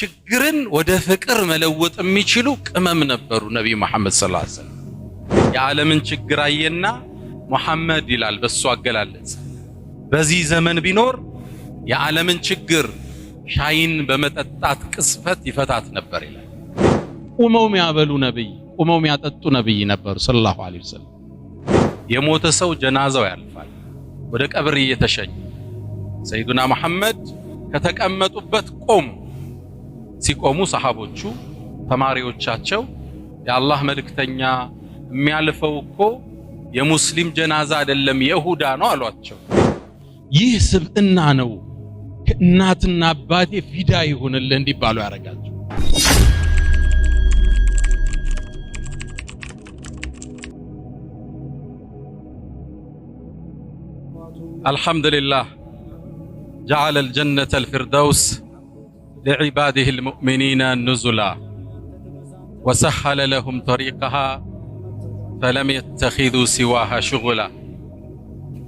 ችግርን ወደ ፍቅር መለወጥ የሚችሉ ቅመም ነበሩ። ነቢዩ መሐመድ ሰለላሁ ዐለይሂ ወሰለም የዓለምን ችግር አየና ሙሐመድ ይላል በሱ አገላለጽ በዚህ ዘመን ቢኖር የዓለምን ችግር ሻይን በመጠጣት ቅስፈት ይፈታት ነበር ይላል። ቁመው የሚያበሉ ነብይ፣ ቁመው የሚያጠጡ ነብይ ነበሩ ሰለላሁ ዐለይሂ ወሰለም። የሞተ ሰው ጀናዛው ያልፋል ወደ ቀብር እየተሸኘ ሰይዱና መሐመድ ከተቀመጡበት ቆሙ። ሲቆሙ ሰሃቦቹ ተማሪዎቻቸው የአላህ መልእክተኛ የሚያልፈው እኮ የሙስሊም ጀናዛ አይደለም የይሁዳ ነው አሏቸው። ይህ ስብዕና ነው ከእናትና አባቴ ፊዳ ይሁንልህ እንዲባሉ ያደርጋቸው። አልሐምዱሊላህ ጀዓለል ጀነተል አልፊርደውስ لعباده المؤمنين نزلا وسهل لهم طريقها فلم يتخذوا سواها شغلا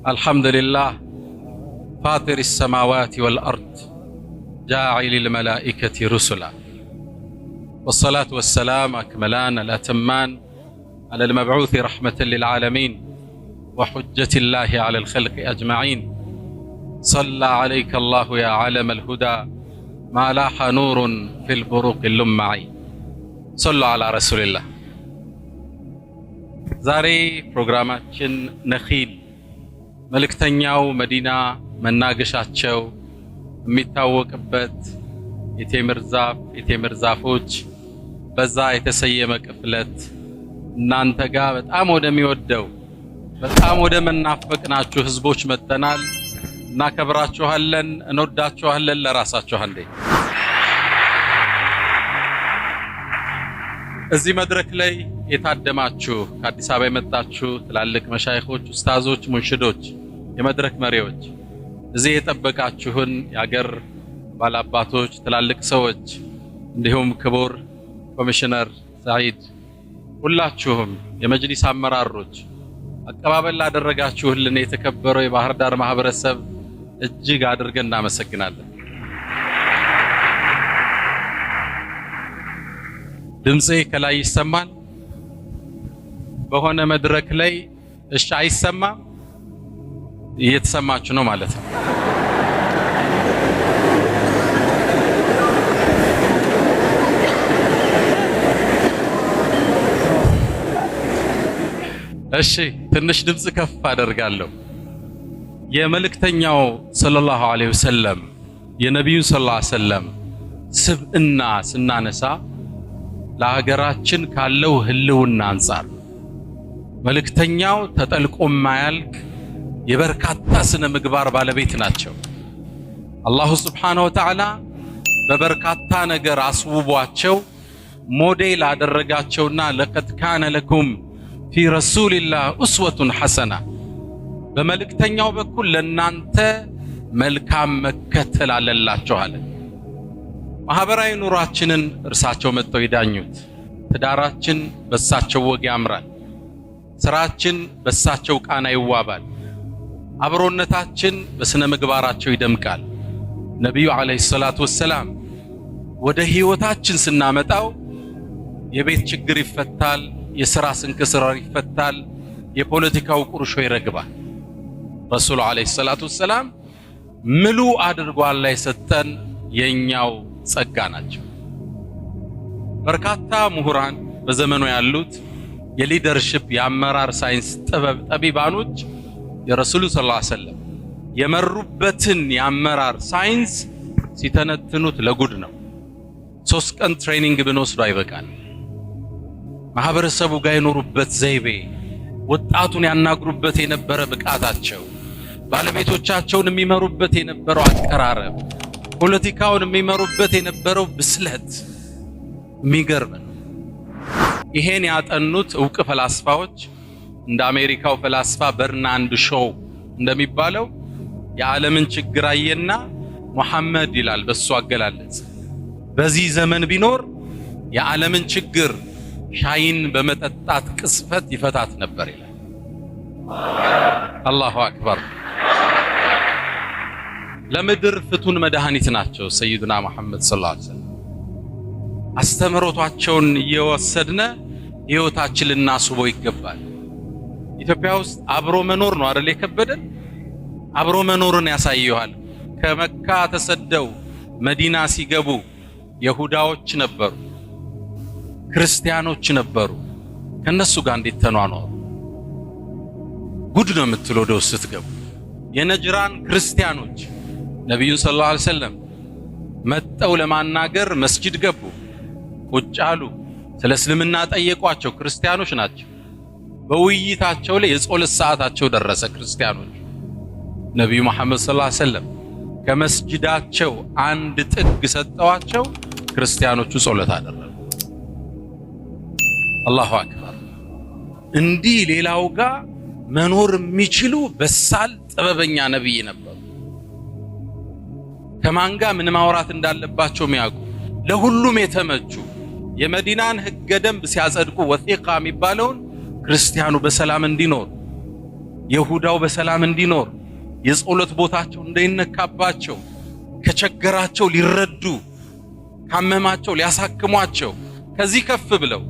الحمد لله فاطر السماوات والارض جاعل الملائكه رسلا والصلاه والسلام اكملان الاتمان على المبعوث رحمه للعالمين وحجه الله على الخلق اجمعين صلى عليك الله يا علم الهدى ማላሐ ኑሩን ፊል ቡሩቅ ሉማዒ ሰሉ አላ ረሱልላህ። ዛሬ ፕሮግራማችን ነኺል መልእክተኛው መዲና መናገሻቸው የሚታወቅበት የቴምር ዛፍ የቴምር ዛፎች በዛ የተሰየመ ቅፍለት እናንተ ጋር በጣም ወደሚወደው በጣም ወደ መናፈቅናችሁ ህዝቦች መጥተናል። እናከብራችኋለን፣ እንወዳችኋለን። ለራሳችሁ አንዴ እዚህ መድረክ ላይ የታደማችሁ ከአዲስ አበባ የመጣችሁ ትላልቅ መሻይኾች፣ ኡስታዞች፣ ሙንሽዶች፣ የመድረክ መሪዎች እዚህ የጠበቃችሁን የአገር ባላባቶች፣ ትላልቅ ሰዎች እንዲሁም ክቡር ኮሚሽነር ዛይድ ሁላችሁም የመጅሊስ አመራሮች አቀባበል ላደረጋችሁልን የተከበረው የባህር ዳር ማህበረሰብ እጅግ አድርገን እናመሰግናለን። ድምፄ ከላይ ይሰማል። በሆነ መድረክ ላይ እሺ አይሰማም፣ እየተሰማችሁ ነው ማለት ነው። እሺ ትንሽ ድምፅ ከፍ አደርጋለሁ። የመልእክተኛው ሰለላሁ ዐለይሂ ወሰለም የነቢዩን ሰለላሁ ዐለይሂ ወሰለም እና ስናነሳ ለሀገራችን ካለው ህልውና አንጻር መልእክተኛው ተጠልቆ ማያልቅ የበርካታ ስነ ምግባር ባለቤት ናቸው። አላሁ ስብሓነሁ ወተዓላ በበርካታ ነገር አስውቧቸው ሞዴል አደረጋቸውና ለቀድ ካነ ለኩም ፊ ረሱልላህ እስወቱን ሐሰና በመልእክተኛው በኩል ለእናንተ መልካም መከተል አለላችኋለን። ማህበራዊ ኑሯችንን እርሳቸው መጥተው ይዳኙት። ትዳራችን በሳቸው ወግ ያምራል። ስራችን በሳቸው ቃና ይዋባል። አብሮነታችን በስነ ምግባራቸው ይደምቃል። ነቢዩ አለይሂ ሰላቱ ወሰላም ወደ ህይወታችን ስናመጣው የቤት ችግር ይፈታል፣ የስራ ስንክስራር ይፈታል፣ የፖለቲካው ቁርሾ ይረግባል። ረሱሉ አለይሂ ሰላቱ ወሰላም ምሉ አድርጓል ላይ ሰጠን የኛው ጸጋ ናቸው። በርካታ ምሁራን በዘመኑ ያሉት የሊደርሽፕ የአመራር ሳይንስ ጥበብ ጠቢባኖች የረሱሉ ሰለላሁ ዐለይሂ ወሰለም የመሩበትን የአመራር ሳይንስ ሲተነትኑት ለጉድ ነው። ሶስት ቀን ትሬኒንግ ብንወስዱ አይበቃል። ማህበረሰቡ ጋር የኖሩበት ዘይቤ፣ ወጣቱን ያናግሩበት የነበረ ብቃታቸው፣ ባለቤቶቻቸውን የሚመሩበት የነበረው አቀራረብ ፖለቲካውን የሚመሩበት የነበረው ብስለት የሚገርም ነው። ይሄን ያጠኑት እውቅ ፈላስፋዎች እንደ አሜሪካው ፈላስፋ በርናንድ ሾው እንደሚባለው የዓለምን ችግር አየና ሙሐመድ ይላል በሱ አገላለጽ በዚህ ዘመን ቢኖር የዓለምን ችግር ሻይን በመጠጣት ቅስፈት ይፈታት ነበር ይላል። አላሁ አክበር። ለምድር ፍቱን መድኃኒት ናቸው። ሰይዱና መሐመድ ሰለላሁ ዐለይሂ ወሰለም አስተምህሮቷቸውን እየወሰድነ ሕይወታችን ልናስቦ ይገባል። ኢትዮጵያ ውስጥ አብሮ መኖር ነው አይደል የከበደን። አብሮ መኖርን ያሳየዋል። ከመካ ተሰደው መዲና ሲገቡ የሁዳዎች ነበሩ፣ ክርስቲያኖች ነበሩ። ከነሱ ጋር እንዴት ተኗኗሩ? ጉድ ነው የምትለው ወደ ውስጥ ስትገቡ የነጅራን ክርስቲያኖች ነቢዩን ሰለላሁ ዐለይሂ ወሰለም መጠው ለማናገር መስጂድ ገቡ፣ ቁጭ አሉ። ስለ እስልምና ጠየቋቸው። ክርስቲያኖች ናቸው። በውይይታቸው ላይ የጸሎት ሰዓታቸው ደረሰ። ክርስቲያኖች ነቢዩ መሐመድ ሰለላሁ ዐለይሂ ወሰለም ከመስጂዳቸው አንድ ጥግ ሰጠዋቸው። ክርስቲያኖቹ ጸሎት አደረጉ። አላሁ አክበር። እንዲህ ሌላው ጋር መኖር የሚችሉ በሳል ጥበበኛ ነቢይ ነበር። ከማን ጋር ምን ማውራት እንዳለባቸው የሚያውቁ ለሁሉም የተመቹ የመዲናን ህገ ደንብ ሲያጸድቁ ወሲቃ የሚባለውን ክርስቲያኑ በሰላም እንዲኖር፣ የሁዳው በሰላም እንዲኖር፣ የጸሎት ቦታቸው እንዳይነካባቸው፣ ከቸገራቸው ሊረዱ፣ ካመማቸው ሊያሳክሟቸው ከዚህ ከፍ ብለው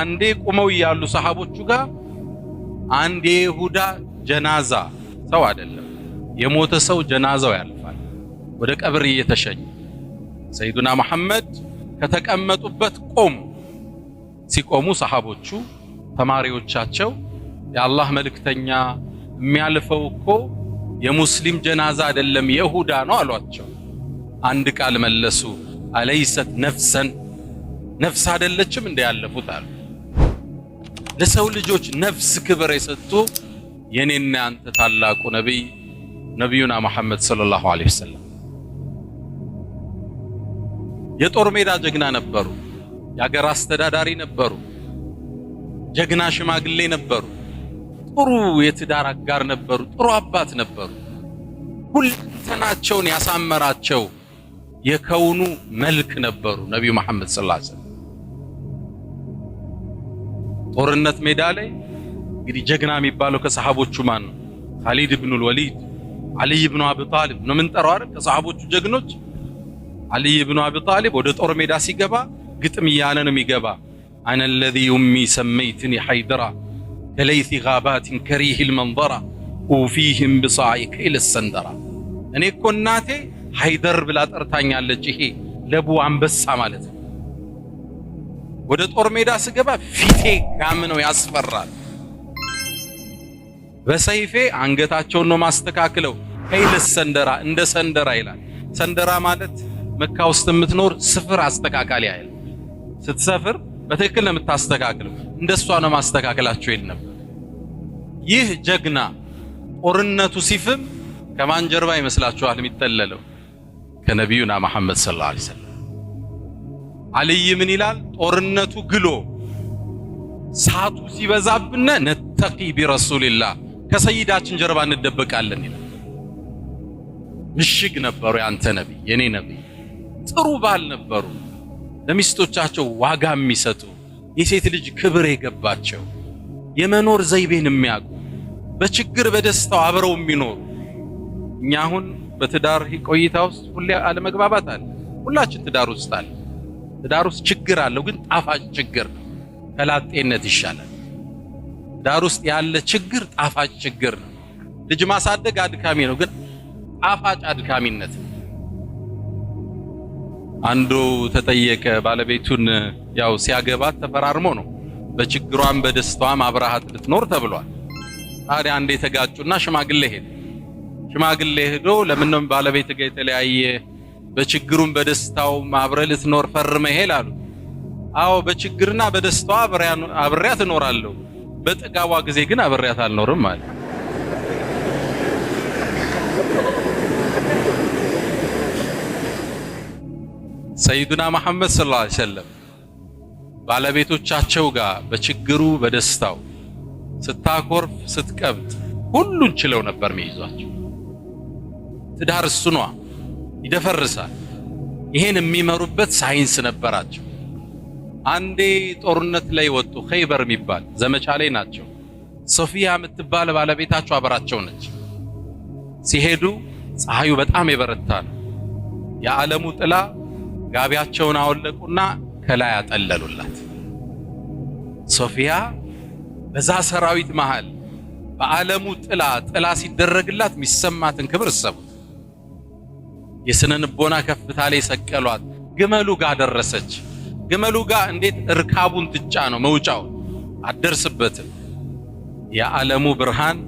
አንዴ ቁመው እያሉ ሰሃቦቹ ጋር አንድ የይሁዳ ጀናዛ ሰው አይደለም የሞተ ሰው ጀናዛው ያለ ወደ ቀብር እየተሸኘ ሰይዱና መሐመድ ከተቀመጡበት ቆሙ። ሲቆሙ ሰሃቦቹ ተማሪዎቻቸው የአላህ መልእክተኛ የሚያልፈው እኮ የሙስሊም ጀናዛ አይደለም የይሁዳ ነው አሏቸው። አንድ ቃል መለሱ፣ አለይሰት ነፍሰን ነፍስ አይደለችም እንደ ያለፉት አሉ። ለሰው ልጆች ነፍስ ክብር የሰጡ የኔና ያንተ ታላቁ ነቢይ ነቢዩና መሐመድ ሰለላሁ ዐለይሂ ወሰለም የጦር ሜዳ ጀግና ነበሩ። የአገር አስተዳዳሪ ነበሩ። ጀግና ሽማግሌ ነበሩ። ጥሩ የትዳር አጋር ነበሩ። ጥሩ አባት ነበሩ። ሁለንተናቸውን ያሳመራቸው የከውኑ መልክ ነበሩ። ነቢዩ መሐመድ ሰለላሁ ዐለይሂ ወሰለም ጦርነት ሜዳ ላይ እንግዲህ ጀግና የሚባለው ከሰሃቦቹ ማን ነው? ኻሊድ ኢብኑ ወሊድ፣ አሊይ ኢብኑ አቢ ጣሊብ ነው የምንጠራው አይደል? ከሰሃቦቹ ጀግኖች አልይ ብኑ አቢ ጣሊብ ወደ ጦር ሜዳ ሲገባ ግጥም እያለ ነው የሚገባ። አነ ለዚ ኡሚ ሰመይትኒ ሐይደራ ከለይሲ ጋባትን ከሪህ ልመንበራ ኡፊህም ብሳይከ ለሰንደራ። እኔ እኮ እናቴ ሐይደር ብላ ጠርታኛለች። ይሄ ለቡ አንበሳ ማለት ነው። ወደ ጦር ሜዳ ስገባ ፊቴ ጋም ነው ያስፈራል። በሰይፌ አንገታቸውን ነው ማስተካክለው። ከይለሰንደራ እንደ ሰንደራ ይላል። ሰንደራ ማለት መካ ውስጥ የምትኖር ስፍር አስተካካሊ አይል ስትሰፍር በትክክል ነው የምታስተካክለው። እንደሷ ነው ማስተካከላቸው ይል ነበር። ይህ ጀግና ጦርነቱ ሲፍም ከማን ጀርባ ይመስላችኋል የሚጠለለው? ከነቢዩና መሐመድ ሰለላሁ ዐለይሂ ወሰለም። አልይ ምን ይላል? ጦርነቱ ግሎ ሳቱ ሲበዛብነ ነተቂ ቢረሱልላህ ከሰይዳችን ጀርባ እንደበቃለን ይላል። ምሽግ ነበሩ የአንተ ነቢይ የኔ ነቢይ ጥሩ ባል ነበሩ። ለሚስቶቻቸው ዋጋ የሚሰጡ የሴት ልጅ ክብር የገባቸው የመኖር ዘይቤን የሚያውቁ በችግር በደስታው አብረው የሚኖሩ። እኛ አሁን በትዳር ቆይታ ውስጥ ሁሌ አለመግባባት አለ። ሁላችን ትዳር ውስጥ አለ። ትዳር ውስጥ ችግር አለው፣ ግን ጣፋጭ ችግር ነው። ከላጤነት ይሻላል። ትዳር ውስጥ ያለ ችግር ጣፋጭ ችግር ነው። ልጅ ማሳደግ አድካሚ ነው፣ ግን ጣፋጭ አድካሚነት ነው። አንዱ ተጠየቀ። ባለቤቱን ያው ሲያገባት ተፈራርሞ ነው በችግሯም በደስታዋም አብረሃት ልትኖር ተብሏል። ታዲያ አንዴ የተጋጩና ሽማግሌ ሄደ። ሽማግሌ ሄዶ ለምንም ባለቤት ጋር የተለያየ በችግሩም በደስታውም አብረህ ልትኖር ፈርመህ ይሄል አሉ። አዎ በችግርና በደስታዋ አብሬያት እኖራለሁ፣ በጥጋቧ ጊዜ ግን አብሬያት አልኖርም ማለት ሰይዱና መሐመድ ሰለላሁ ዐለይሂ ወሰለም ባለቤቶቻቸው ጋር በችግሩ በደስታው ስታኮርፍ ስትቀብጥ ሁሉን ችለው ነበር የሚይዟቸው። ትዳር እሱኗ ይደፈርሳል። ይሄን የሚመሩበት ሳይንስ ነበራቸው። አንዴ ጦርነት ላይ ወጡ። ኸይበር የሚባል ዘመቻ ላይ ናቸው። ሶፊያ የምትባል ባለቤታቸው አበራቸው ነች። ሲሄዱ ፀሐዩ በጣም የበረታ ነው። የዓለሙ ጥላ ጋቢያቸውን አወለቁና ከላይ አጠለሉላት። ሶፊያ በዛ ሰራዊት መሃል በዓለሙ ጥላ ጥላ ሲደረግላት የሚሰማትን ክብር እሰቡት። የስነ ልቦና ከፍታ ላይ ሰቀሏት። ግመሉ ጋር ደረሰች። ግመሉ ጋር እንዴት እርካቡን ትጫ ነው መውጫው አደርስበትም። የዓለሙ ብርሃን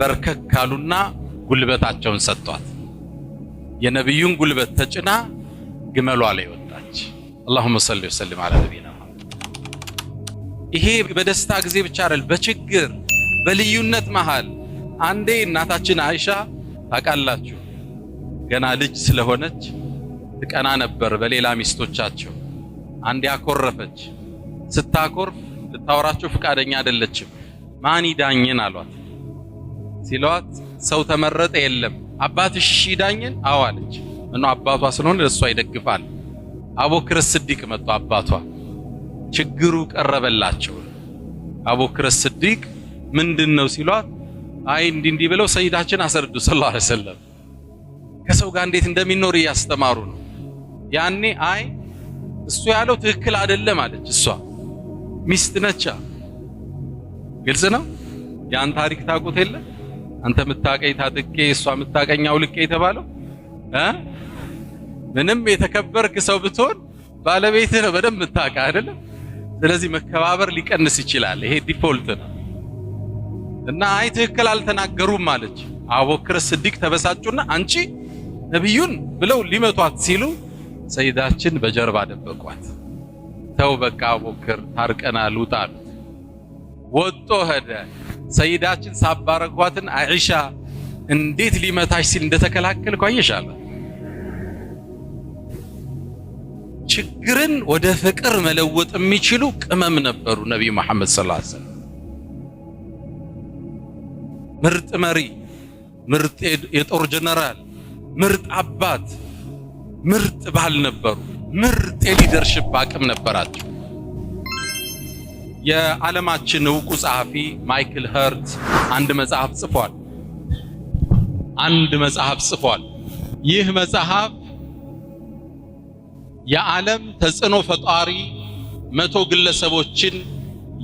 በርከክ ካሉና ጉልበታቸውን ሰጥቷት የነቢዩን ጉልበት ተጭና ግመሏ ላይ ወጣች። አላሁመ ሰሊ ወሰልም አላ ነቢና ይሄ በደስታ ጊዜ ብቻ አይደል፣ በችግር በልዩነት መሃል አንዴ እናታችን አይሻ ታውቃላችሁ፣ ገና ልጅ ስለሆነች ትቀና ነበር በሌላ ሚስቶቻቸው። አንዴ አኮረፈች። ስታኮርፍ ልታወራቸው ፈቃደኛ አይደለችም። ማን ይዳኝን አሏት። ሲሏት ሰው ተመረጠ የለም አባትሽ ይዳኝን አዋለች። እና አባቷ ስለሆነ ለእሷ ይደግፋል። አቡበክር ስዲቅ መጡ። አባቷ ችግሩ ቀረበላቸው። አቡበክር ስዲቅ ምንድን ነው ሲሏት፣ አይ እንዲህ እንዲህ ብለው ሰይዳችን አሰርዱ ሰለላሁ ዐለይሂ ወሰለም ከሰው ጋር እንዴት እንደሚኖር እያስተማሩ ነው። ያኔ አይ እሱ ያለው ትክክል አይደለም አለች። እሷ ሚስት ነቻ። ግልጽ ነው። ያን ታሪክ ታውቁት የለ አንተ ምታቀኝ ታጥቄ እሷ የምታቀኝ አውልቄ የተባለው ምንም የተከበርክ ሰው ብትሆን ባለቤትህ ነው በደንብ የምታውቅህ አይደለም። ስለዚህ መከባበር ሊቀንስ ይችላል። ይሄ ዲፎልት ነው እና አይ ትክክል አልተናገሩም አለች። አቡበክር ስዲቅ ተበሳጩና አንቺ ነቢዩን ብለው ሊመቷት ሲሉ ሰይዳችን በጀርባ ደበቋት። ተው በቃ አቡበክር ታርቀናል ውጣ አሉት። ወጦ ሄደ። ሰይዳችን ሳባረኳትን አይሻ እንዴት ሊመታሽ ሲል እንደተከላከልኩ አየሻለሁ ችግርን ወደ ፍቅር መለወጥ የሚችሉ ቅመም ነበሩ። ነቢይ መሐመድ ሰለላሁ ዐለይሂ ወሰለም ምርጥ መሪ፣ ምርጥ የጦር ጀነራል፣ ምርጥ አባት፣ ምርጥ ባል ነበሩ። ምርጥ የሊደርሽፕ አቅም ነበራቸው። የዓለማችን እውቁ ጸሐፊ ማይክል ኸርት አንድ መጽሐፍ ጽፏል። አንድ መጽሐፍ ጽፏል። ይህ መጽሐፍ የዓለም ተጽዕኖ ፈጣሪ መቶ ግለሰቦችን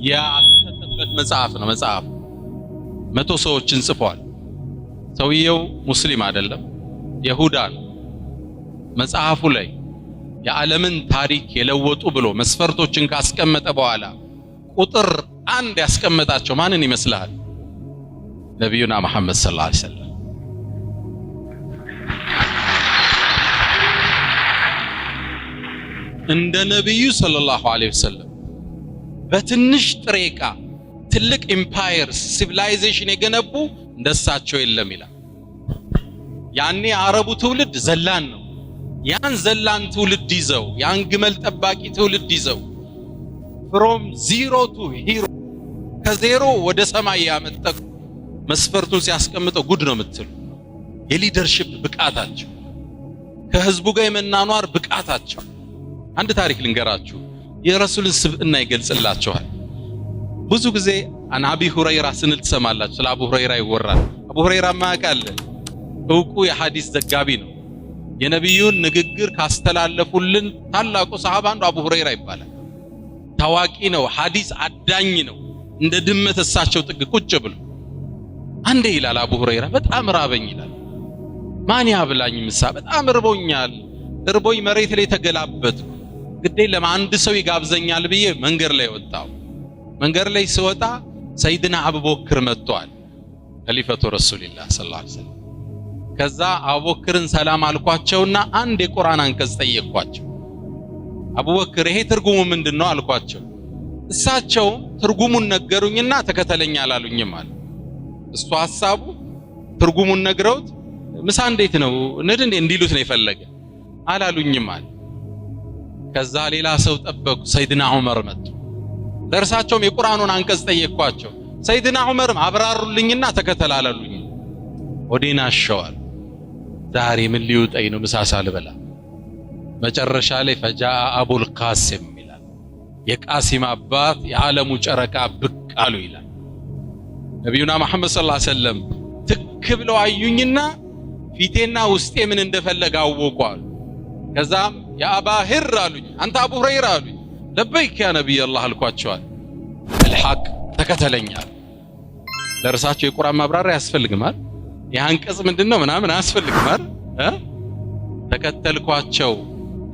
ያተተበት መጽሐፍ ነው። መጽሐፍ መቶ ሰዎችን ጽፏል። ሰውየው ሙስሊም አይደለም፣ ይሁዳ ነው። መጽሐፉ ላይ የዓለምን ታሪክ የለወጡ ብሎ መስፈርቶችን ካስቀመጠ በኋላ ቁጥር አንድ ያስቀመጣቸው ማንን ይመስልሃል? ነቢዩና መሐመድ ሰለላሁ ዐለይሂ ወሰለም እንደ ነቢዩ ሰለላሁ ዐለይሂ ወሰለም በትንሽ ጥሬ ዕቃ ትልቅ ኢምፓየር ሲቪላይዜሽን የገነቡ እንደሳቸው የለም ይላል። ያኔ አረቡ ትውልድ ዘላን ነው። ያን ዘላን ትውልድ ይዘው ያን ግመል ጠባቂ ትውልድ ይዘው ፍሮም ዚሮ ቱ ሂሮ ከዜሮ ወደ ሰማይ ያመጠቁ መስፈርቱን ሲያስቀምጠው ጉድ ነው የምትሉ። የሊደርሺፕ ብቃታቸው ከህዝቡ ጋር የመናኗር ብቃታቸው አንድ ታሪክ ልንገራችሁ። የረሱልን ስብዕና ይገልጽላችኋል። ብዙ ጊዜ አን አቢ ሁረይራ ስንል ትሰማላችሁ። ስለ አቡ ሁረይራ ይወራል። አቡ ሁረይራ ማቃለ እውቁ የሐዲስ ዘጋቢ ነው። የነቢዩን ንግግር ካስተላለፉልን ታላቁ ሰሃባ አንዱ አቡ ሁረይራ ይባላል። ታዋቂ ነው፣ ሐዲስ አዳኝ ነው። እንደ ድመት እሳቸው ጥግ ቁጭ ብሎ አንዴ ይላል አቡ ሁረይራ በጣም ራበኝ ይላል። ማን ያብላኝ ምሳ? በጣም እርቦኛል፣ እርቦኝ መሬት ላይ ተገላበትኩ ግዴ ለማንድ ሰው ይጋብዘኛል ብዬ መንገድ ላይ ወጣው። መንገድ ላይ ስወጣ ሰይድና አቡበክር መጥቷል፣ ከሊፈቱ ረሱልላህ ሰለላሁ ዐለይሂ ወሰለም። ከዛ አቡበክርን ሰላም አልኳቸውና አንድ የቁርአን አንቀጽ ጠየቅኳቸው። አቡበክር ይሄ ትርጉሙ ምንድን ነው አልኳቸው። እሳቸውም ትርጉሙን ነገሩኝና ተከተለኛ አላሉኝም አለ። እሱ ሐሳቡ ትርጉሙን ነግረውት ምሳ እንዴት ነው ንድ እንዴ እንዲሉት ነው የፈለገ አላሉኝም አለ። ከዛ ሌላ ሰው ጠበቁ። ሰይድና ዑመር መጡ። ለእርሳቸውም የቁርአኑን አንቀጽ ጠየኳቸው ሰይድና ዑመርም አብራሩልኝና ተከተላላሉኝ። ወዴና አሸዋል። ዛሬ ምን ሊውጠኝ ነው? ምሳ ልበላ። መጨረሻ ላይ ፈጃአ አቡል ቃሲም ይላል። የቃሲም አባት የዓለሙ ጨረቃ ብቅ አሉ ይላል። ነቢዩና መሐመድ ሰለላሁ ዐለይሂ ወሰለም ትክ ብለው አዩኝና ፊቴና ውስጤ ምን እንደፈለገ አወቁ አሉ። ከዛም የአባ ሂር አሉኝ፣ አንተ አቡ ሁረይራ አሉኝ። ለበይክ ያ ነቢይ አላህ አልኳቸዋል። ልሐቅ ተከተለኛል። ለእርሳቸው የቁርአን ማብራሪያ አያስፈልግማል። የአንቀጽ ምንድን ነው ምናምን አያስፈልግማል። ተከተልኳቸው።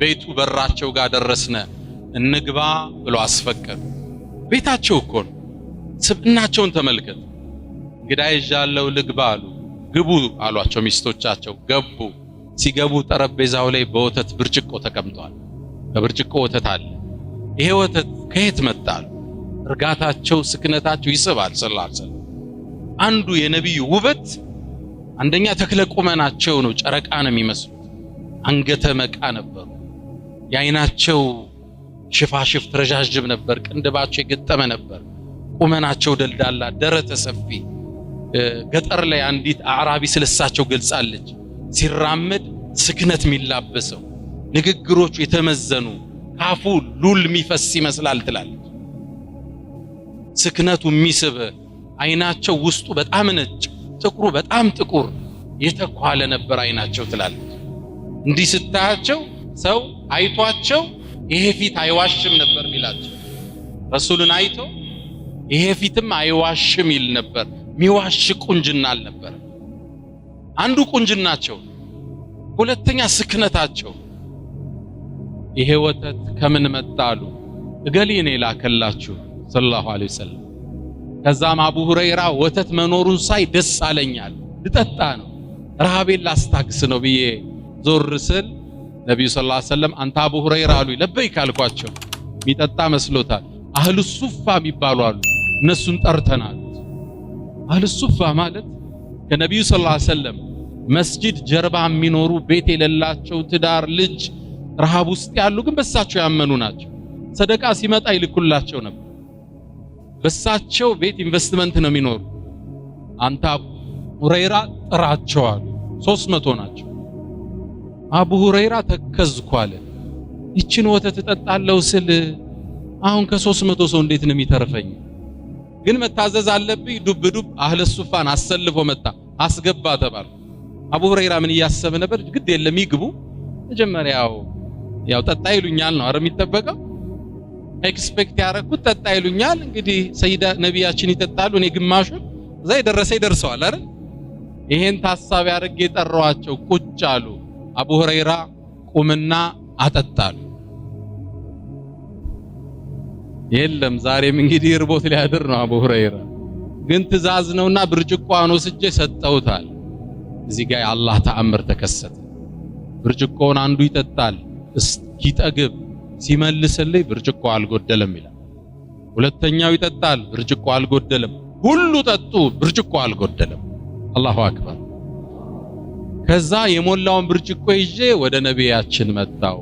ቤቱ በራቸው ጋር ደረስነ። እንግባ ብሎ አስፈቀዱ። ቤታቸው እኮ ነው። ስብዕናቸውን ተመልከት። እንግዳ ይዣለሁ ልግባ አሉ። ግቡ አሏቸው ሚስቶቻቸው ገቡ። ሲገቡ ጠረጴዛው ላይ በወተት ብርጭቆ ተቀምጧል። በብርጭቆ ወተት አለ። ይሄ ወተት ከየት መጣሉ? እርጋታቸው፣ ስክነታቸው ይስባል። ሰለላሁ አንዱ የነቢዩ ውበት አንደኛ ተክለ ቁመናቸው ነው። ጨረቃ ነው የሚመስሉት። አንገተ መቃ ነበሩ። የአይናቸው ሽፋሽፍት ረዣዥም ነበር። ቅንድባቸው የገጠመ ነበር። ቁመናቸው ደልዳላ፣ ደረተ ሰፊ። ገጠር ላይ አንዲት አዕራቢ ስለሳቸው ገልጻለች። ሲራመድ ስክነት የሚላበሰው ንግግሮቹ የተመዘኑ ካፉ ሉል የሚፈስ ይመስላል ትላለች። ስክነቱ የሚስብ አይናቸው ውስጡ በጣም ነጭ፣ ጥቁሩ በጣም ጥቁር የተኳለ ነበር አይናቸው ትላለች። እንዲህ ስታያቸው ሰው አይቷቸው ይሄ ፊት አይዋሽም ነበር ሚላቸው። ረሱልን አይቶ ይሄ ፊትም አይዋሽም ይል ነበር። ሚዋሽ ቁንጅና አልነበረ። አንዱ ቁንጅናቸው፣ ሁለተኛ ስክነታቸው። ይሄ ወተት ከምን መጣ አሉ። እገሌ ነው የላከላችሁ ሰለላሁ ዐለይሂ ወሰለም። ከዛም አቡ ሁረይራ ወተት መኖሩን ሳይ ደስ አለኛል። ልጠጣ ነው ረሃቤን ላስታክስ ነው ብዬ ዞር ስል ነቢዩ ሰለላሁ ዐለይሂ ወሰለም አንተ አቡ ሁረይራ አሉ ለበይ ካልኳቸው የሚጠጣ መስሎታል። አህሉ ሱፋ የሚባሉ አሉ። እነሱን ጠርተናል። አህሉ ሱፋ ማለት ከነቢዩ ሰለላሁ ዐለይሂ ወሰለም መስጂድ ጀርባ የሚኖሩ ቤት የሌላቸው ትዳር፣ ልጅ ረሃብ ውስጥ ያሉ ግን በሳቸው ያመኑ ናቸው። ሰደቃ ሲመጣ ይልኩላቸው ነበር። በሳቸው ቤት ኢንቨስትመንት ነው የሚኖሩ። አንተ አቡ ሁረይራ ጥራቸዋል። ሶስት መቶ ናቸው። አቡ ሁረይራ ተከዝኳለ። ይችን ወተት እጠጣለሁ ስል አሁን ከሶስት መቶ ሰው እንዴት ነው የሚተርፈኝ? ግን መታዘዝ አለብኝ። ዱብ ዱብ አህለ ሱፋን አሰልፎ መጣ አስገባ ተባለ። አቡ ሁረይራ ምን እያሰበ ነበር? ግድ የለም ይግቡ፣ መጀመሪያው ያው ጠጣ ይሉኛል ነው አረም የሚጠበቀው ኤክስፔክት ያደረኩት ጠጣ ይሉኛል። እንግዲህ ሰይዳ ነቢያችን ይጠጣሉ፣ እኔ ግማሹን እዛ የደረሰ ይደርሰዋል አይደል? ይሄን ታሳቢ አድርጌ የጠራዋቸው ቁጭ አሉ። አቡ ሁረይራ ቁምና አጠጣሉ። የለም ዛሬም እንግዲህ ርቦት ሊያድር ነው። አቡ ሁረይራ ግን ትእዛዝ ነውና ብርጭቆውን ወስጄ ሰጠውታል። እዚህ ጋር የአላህ ተአምር ተከሰተ። ብርጭቆውን አንዱ ይጠጣል እስኪጠግብ፣ ሲመልስልኝ ብርጭቆ አልጎደለም ይላል። ሁለተኛው ይጠጣል፣ ብርጭቆ አልጎደለም። ሁሉ ጠጡ፣ ብርጭቆ አልጎደለም። አላሁ አክበር። ከዛ የሞላውን ብርጭቆ ይዤ ወደ ነቢያችን መጣው።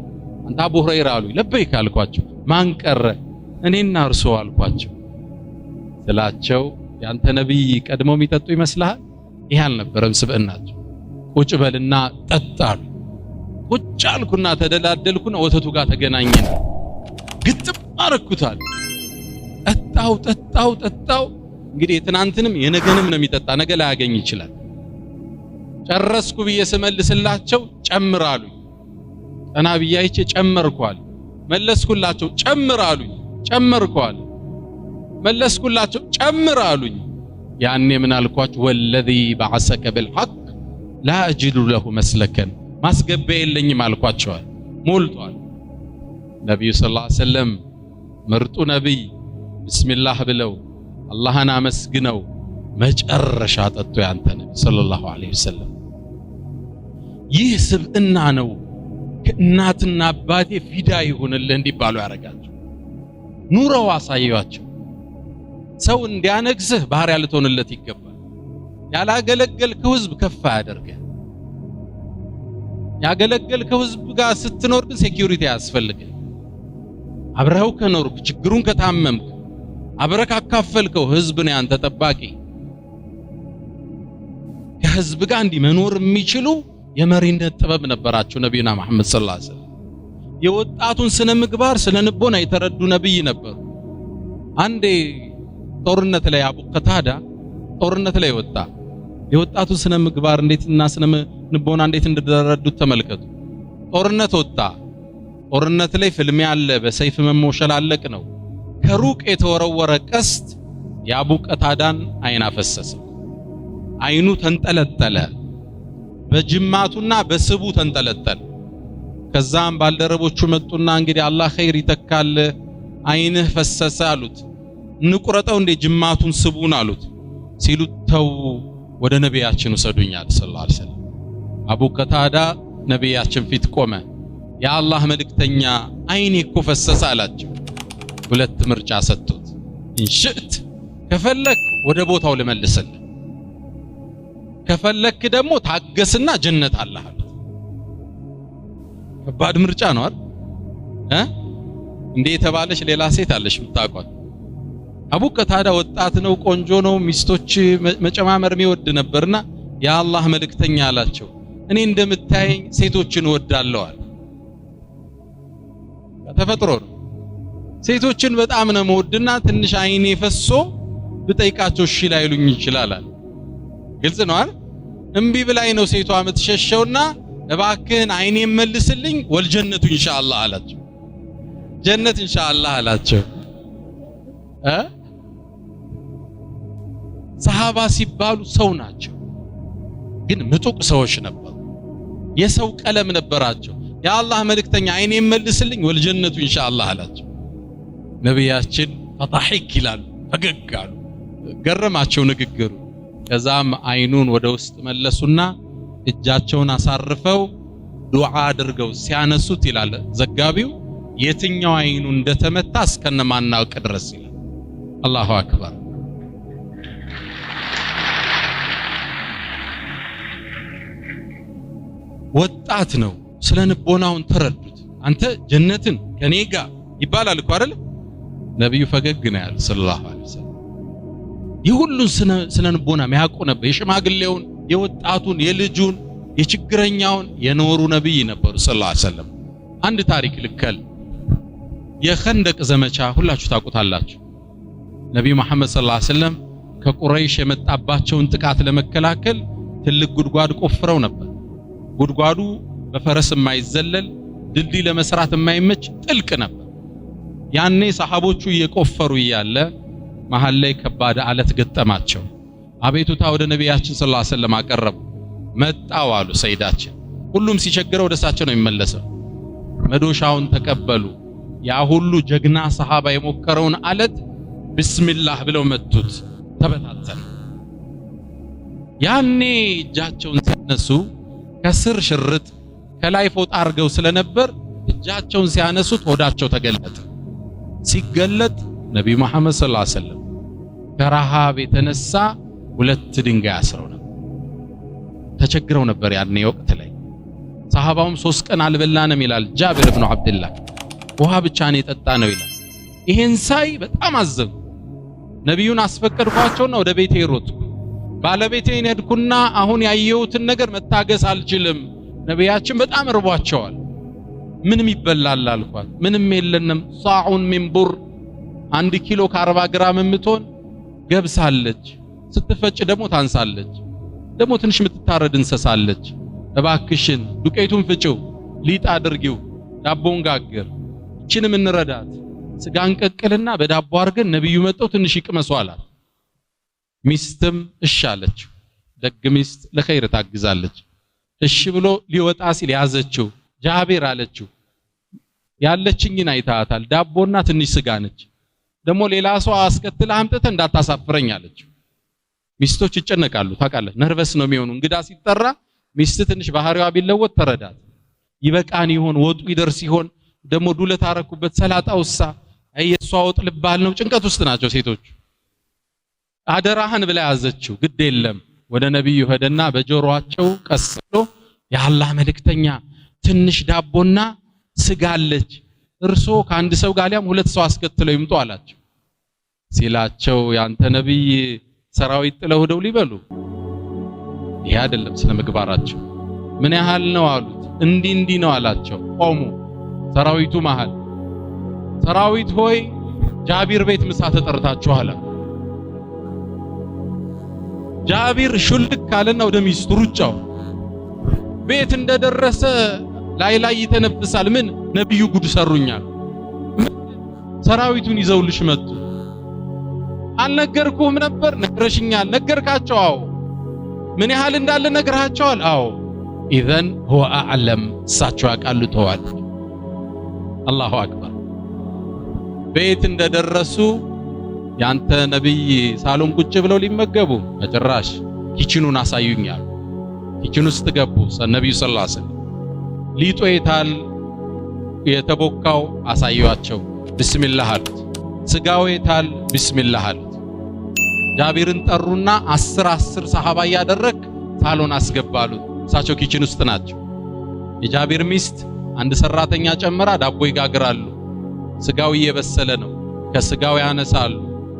አንተ አቡ ሁረይራ አሉ ለበይክ አልኳቸው። ማን ቀረ? እኔና እርሶ አልኳቸው ስላቸው ያንተ ነቢይ ቀድመው የሚጠጡ ይመስልሃል? ይህ አልነበረም ስብዕናቸው። ቁጭ በልና ጠጣሉ ቁጭ አልኩና ተደላደልኩና ወተቱ ጋር ተገናኘን። ግጥም አረኩታል። ጠጣው ጠጣው ጠጣው። እንግዲህ ትናንትንም የነገንም ነው የሚጠጣ፣ ነገ ያገኝ ይችላል። ጨረስኩ ብዬ ስመልስላቸው ጨምራሉ ጠና ብዬ አይቼ ጨመርኳል። መለስኩላቸው ጨምራሉኝ። ጨመርኳል መለስኩላቸው ጨምር አሉኝ ያኔ ምን አልኳችሁ ወለዚ በዐሰከ ብልሐቅ ላ አጅዱ ለሁ መስለከን ማስገቢያ የለኝም አልኳቸዋል ሞልቷል ነቢዩ ስ ላ ሰለም ምርጡ ነቢይ ብስሚላህ ብለው አላህን አመስግነው መጨረሻ ጠጡ ያንተ ነቢ ሰለላሁ ዐለይሂ ወሰለም ይህ ስብዕና ነው ከእናትና አባቴ ፊዳ ይሁንልህ እንዲባሉ ያደረጋቸው ኑረው አሳዩአቸው። ሰው እንዲያነግስህ ባህሪያ ልትሆንለት ይገባል። ያላገለገልከው ህዝብ ከፍ አያደርግህ። ያገለገልከው ህዝብ ጋር ስትኖር ግን ሴኪዩሪቲ ያስፈልገ አብረኸው ከኖርክ፣ ችግሩን ከታመምክ፣ አብረህ ካካፈልከው ህዝብ ነው ያንተ ጠባቂ። ከህዝብ ጋር እንዲህ መኖር የሚችሉ የመሪነት ጥበብ ነበራቸው ነቢዩና መሐመድ ሰለላሁ ዐለይሂ ወሰለም። የወጣቱን ስነ ምግባር ስነ ንቦና የተረዱ ነብይ ነበሩ። አንዴ ጦርነት ላይ አቡ ከታዳ ጦርነት ላይ ወጣ። የወጣቱን ስነ ምግባር እንዴትና ስነ ንቦና እንዴት እንደተረዱት ተመልከቱ። ጦርነት ወጣ። ጦርነት ላይ ፍልሚያ አለ፣ በሰይፍ መሞሸላለቅ ነው። ከሩቅ የተወረወረ ቀስት የአቡ ቀታዳን አይን አፈሰሰ። አይኑ ተንጠለጠለ፣ በጅማቱና በስቡ ተንጠለጠለ። ከዛም ባልደረቦቹ መጡና እንግዲህ አላህ ኸይር ይተካል፣ አይንህ ፈሰሰ አሉት። እንቁረጠው እንዴ ጅማቱን ስቡን አሉት። ሲሉት ተው ወደ ነቢያችን ውሰዱኛል ሰለላሁ ዐለይሂ ወሰለም። አቡ ቀታዳ ነቢያችን ፊት ቆመ። የአላህ መልእክተኛ አይኔ እኮ ፈሰሰ አላቸው። ሁለት ምርጫ ሰጡት። እንሽት ከፈለክ ወደ ቦታው ልመልስልህ፣ ከፈለክ ደግሞ ታገስና ጀነት አለህ አሉት። ከባድ ምርጫ ነው አይደል? እ እንዴ የተባለች ሌላ ሴት አለች ምታቋት አቡ ቀታዳ ወጣት ነው፣ ቆንጆ ነው፣ ሚስቶች መጨማመር የሚወድ ነበርና የአላህ መልእክተኛ አላቸው እኔ እንደምታየኝ ሴቶችን እወዳለሁ አለ። ተፈጥሮ ነው። ሴቶችን በጣም ነው መወድና ትንሽ አይኔ ፈሶ ብጠይቃቸው እሺ ላይሉኝ ይችላል አለ። ግልጽ ነው አይደል? እምቢ ብላኝ ነው ሴቷ የምትሸሸውና እባክህን አይኔን መልስልኝ ወልጀነቱ ኢንሻአላህ አላቸው። ጀነት ኢንሻአላህ አላቸው። እ ሰሃባ ሲባሉ ሰው ናቸው፣ ግን ምጡቅ ሰዎች ነበሩ። የሰው ቀለም ነበራቸው። የአላህ መልእክተኛ አይኔ መልስልኝ ወልጀነቱ ኢንሻአላህ አላቸው። ነቢያችን ፈጣሒክ ይላሉ፣ ፈገግ አሉ። ገረማቸው ንግግሩ። ከዛም አይኑን ወደ ውስጥ መለሱና እጃቸውን አሳርፈው ዱዓ አድርገው ሲያነሱት ይላል ዘጋቢው የትኛው አይኑ እንደተመታ እስከነማናውቅ ድረስ ይላል። አላሁ አክበር። ወጣት ነው። ስለ ንቦናውን ተረዱት። አንተ ጀነትን ከኔ ጋር ይባላል እኮ አይደል? ነብዩ ፈገግ ነው ያለ ሰለላሁ ዐለይሂ ወሰለም። ይሁሉን ስለ ንቦና የሚያውቁ ነበር የሽማግሌውን የወጣቱን፣ የልጁን፣ የችግረኛውን የኖሩ ነቢይ ነበሩ ሰለላሁ ዐለይሂ ወሰለም። አንድ ታሪክ ልከል የኸንደቅ ዘመቻ ሁላችሁ ታውቁታላችሁ። ነቢዩ መሐመድ ሰለላሁ ዐለይሂ ወሰለም ከቁረይሽ የመጣባቸውን ጥቃት ለመከላከል ትልቅ ጉድጓድ ቆፍረው ነበር። ጉድጓዱ በፈረስ የማይዘለል ድልድይ ለመስራት የማይመች ጥልቅ ነበር። ያኔ ሰሃቦቹ እየቆፈሩ እያለ መሃል ላይ ከባድ አለት ገጠማቸው። አቤቱታ ወደ ነቢያችን ሰለላሁ ዐለይሂ ወሰለም አቀረቡ። መጣው አሉ ሰይዳችን። ሁሉም ሲቸግረው ወደ እሳቸው ነው የሚመለሰው። መዶሻውን ተቀበሉ። ያ ሁሉ ጀግና ሰሃባ የሞከረውን አለት ብስሚላህ ብለው መቱት፣ ተበታተነ። ያኔ እጃቸውን ሲያነሱ ከስር ሽርጥ ከላይ ፎጣ አድርገው ስለነበር እጃቸውን ሲያነሱት ሆዳቸው ተገለጠ። ሲገለጥ ነቢዩ መሐመድ ሰለላሁ ዐለይሂ ወሰለም ከረሃብ የተነሳ ሁለት ድንጋይ አስረው ነበር። ተቸግረው ነበር ያኔ ወቅት ላይ። ሰሃባውም ሶስት ቀን አልበላንም ይላል ጃብር ብኑ አብድላህ ውሃ ብቻ ነው የጠጣ ነው ይላል። ይሄን ሳይ በጣም አዘንኩ። ነቢዩን አስፈቀድኳቸውና ወደ ቤቴ ሮጥኩ። ባለቤቴን ሄድኩና አሁን ያየሁትን ነገር መታገስ አልችልም። ነቢያችን በጣም እርቧቸዋል። ምንም ይበላል አልኳት። ምንም የለንም። ሷዑን ሚንቡር አንድ ኪሎ ከአርባ ግራም የምትሆን ገብሳለች ስትፈጭ ደግሞ ታንሳለች። ደግሞ ትንሽ የምትታረድ እንሰሳለች። እባክሽን ዱቄቱን ፍጭው፣ ሊጥ አድርጊው፣ ዳቦን ጋግር፣ እችንም እንረዳት። ስጋን ቀቅልና በዳቦ አድርገን ነቢዩ መጠው ትንሽ ይቅመሱ አላት። ሚስትም እሺ አለች። ደግ ሚስት ለኸይር ታግዛለች። እሺ ብሎ ሊወጣ ሲል ያዘችው። ጃቤር አለችው፣ ያለችኝን አይታታል። ዳቦና ትንሽ ስጋ ነች። ደግሞ ሌላ ሰው አስከትለ አምጥተ እንዳታሳፍረኝ አለችው። ሚስቶች ይጨነቃሉ። ታውቃለህ፣ ነርቨስ ነው የሚሆኑ። እንግዳ ሲጠራ ሚስት ትንሽ ባህሪዋ ቢለወጥ ተረዳት። ይበቃን ይሆን ወጡ ይደርስ ይሆን ደግሞ ዱለት አረኩበት ሰላጣ ውሳ የእሷ ወጥ ልባል ነው። ጭንቀት ውስጥ ናቸው ሴቶች። አደራህን ብላ ያዘችው። ግድ የለም ወደ ነቢዩ ሄደና በጆሮአቸው ቀስ ብሎ የአላህ መልእክተኛ ትንሽ ዳቦና ስጋ አለች፣ እርሶ ከአንድ ሰው ጋር ያም ሁለት ሰው አስከትለው ይምጡ አላቸው። ሲላቸው ያንተ ነቢይ ሰራዊት ጥለው ሄደው ሊበሉ። ይሄ አይደለም ስነ ምግባራቸው። ምን ያህል ነው አሉት። እንዲህ እንዲህ ነው አላቸው። ቆሙ ሰራዊቱ መሃል። ሰራዊት ሆይ ጃቢር ቤት ምሳ ተጠርታችኋል። ጃቢር ሹልክ ካለና ወደ ሚስቱ ሩጫው ቤት እንደደረሰ ላይ ላይ ይተነፍሳል። ምን ነብዩ ጉድ ሰሩኛል። ሰራዊቱን ይዘውልሽ መጡ። አልነገርኩህም ነበር? ነግረሽኛል። ነገርካቸው? አዎ። ምን ያህል እንዳለ ነግርሃቸዋል? አዎ። ኢዘን ሁወ አዕለም፣ እሳቸው ያውቃሉ። ተዋል። አላሁ አክበር። ቤት እንደደረሱ ያንተ ነቢይ ሳሎን ቁጭ ብለው ሊመገቡ በጭራሽ ኪችኑን አሳዩኛል። ኪችን ውስጥ ገቡ። ነቢዩ ሰለላሁ ዐለይሂ ወሰለም ሊጦ የታል የተቦካው አሳዩአቸው። ቢስሚላህ አሉት። ስጋው የታል? ቢስሚላህ አሉት። ጃቢርን ጠሩና አስር አስር ሰሃባ እያደረግ ሳሎን አስገባሉ እሳቸው ኪችን ውስጥ ናቸው። የጃቢር ሚስት አንድ ሰራተኛ ጨምራ ዳቦ ይጋግራሉ። ስጋው እየበሰለ ነው። ከስጋው ያነሳሉ፣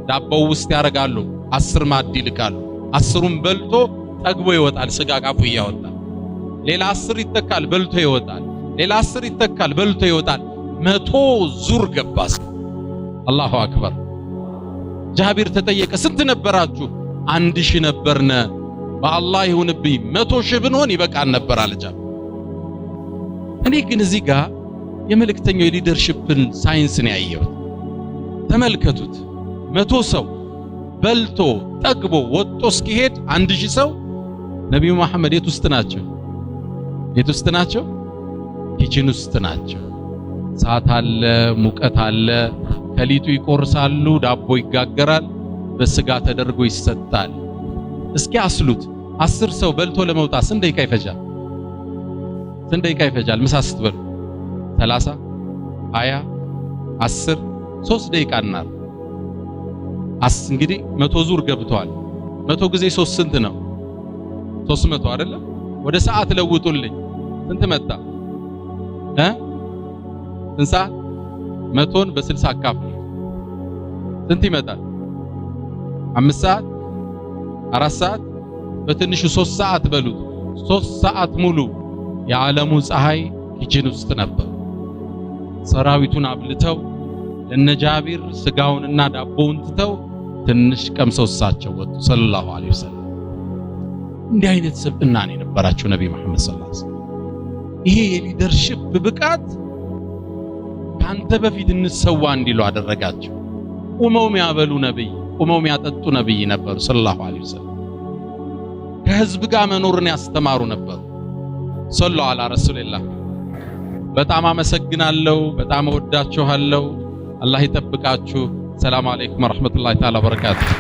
ዳቦው ውስጥ ያደርጋሉ። አስር ማዕድ ይልካሉ። አስሩም በልቶ ጠግቦ ይወጣል። ስጋ ቃፉ እያወጣ ሌላ አስር ይተካል፣ በልቶ ይወጣል። ሌላ አስር ይተካል፣ በልቶ ይወጣል። መቶ ዙር ገባስ። አላሁ አክበር ጃቢር ተጠየቀ። ስንት ነበራችሁ? አንድ ሺህ ነበርነ። በአላህ ይሁንብኝ መቶ ሺህ ብንሆን ይበቃን ነበር አለ ጃቢር። እኔ ግን እዚህ ጋር የመልእክተኛው የሊደርሽፕን ሳይንስን ያየሁት ተመልከቱት። መቶ ሰው በልቶ ጠግቦ ወጦ እስኪሄድ አንድ ሺህ ሰው ነቢዩ መሐመድ የት ውስጥ ናቸው? የት ውስጥ ናቸው? ኪችን ውስጥ ናቸው። እሳት አለ፣ ሙቀት አለ። ከሊጡ ይቆርሳሉ፣ ዳቦ ይጋገራል፣ በስጋ ተደርጎ ይሰጣል። እስኪ አስሉት፣ አስር ሰው በልቶ ለመውጣት ስንት ደቂቃ ይፈጃል? ስንት ደቂቃ ይፈጃል? ምሳ ስትበሉ 30፣ 20፣ 10፣ 3 ደቂቃ እናር አስ እንግዲህ መቶ ዙር ገብተዋል። መቶ ጊዜ ሶስት ስንት ነው? ሶስት መቶ አይደለም? ወደ ሰዓት ለውጡልኝ። ስንት መጣ እ ስንሳ መቶን በስልሳ አካፍል ስንት ይመጣል? አምስት ሰዓት አራት ሰዓት በትንሹ ሶስት ሰዓት በሉት። ሶስት ሰዓት ሙሉ የዓለሙ ፀሐይ ኪችን ውስጥ ነበር። ሰራዊቱን አብልተው ለነጃቢር ስጋውንና ዳቦውን ትተው ትንሽ ቀምሰው እሳቸው ወጡ። ሰለላሁ ዐለይሂ ወሰለም እንዲህ አይነት ስብዕና ነው የነበራቸው ነብይ መሐመድ ሰለላሁ ዐለይሂ ወሰለም። ይሄ የሊደርሺፕ ብቃት ካንተ በፊት እንሰዋ እንዲሉ አደረጋቸው። ቁመው የሚያበሉ ነብይ፣ ቁመው የሚያጠጡ ነብይ ነበሩ ሰለላሁ ዐለይሂ ወሰለም። ከህዝብ ጋር መኖርን ያስተማሩ ነበሩ። ሰሎ አላ ረሱልላህ። በጣም አመሰግናለሁ። በጣም እወዳችኋለሁ። አላህ ይጠብቃችሁ። ሰላም አለይኩም ወራህመቱላሂ ተዓላ በረካቱ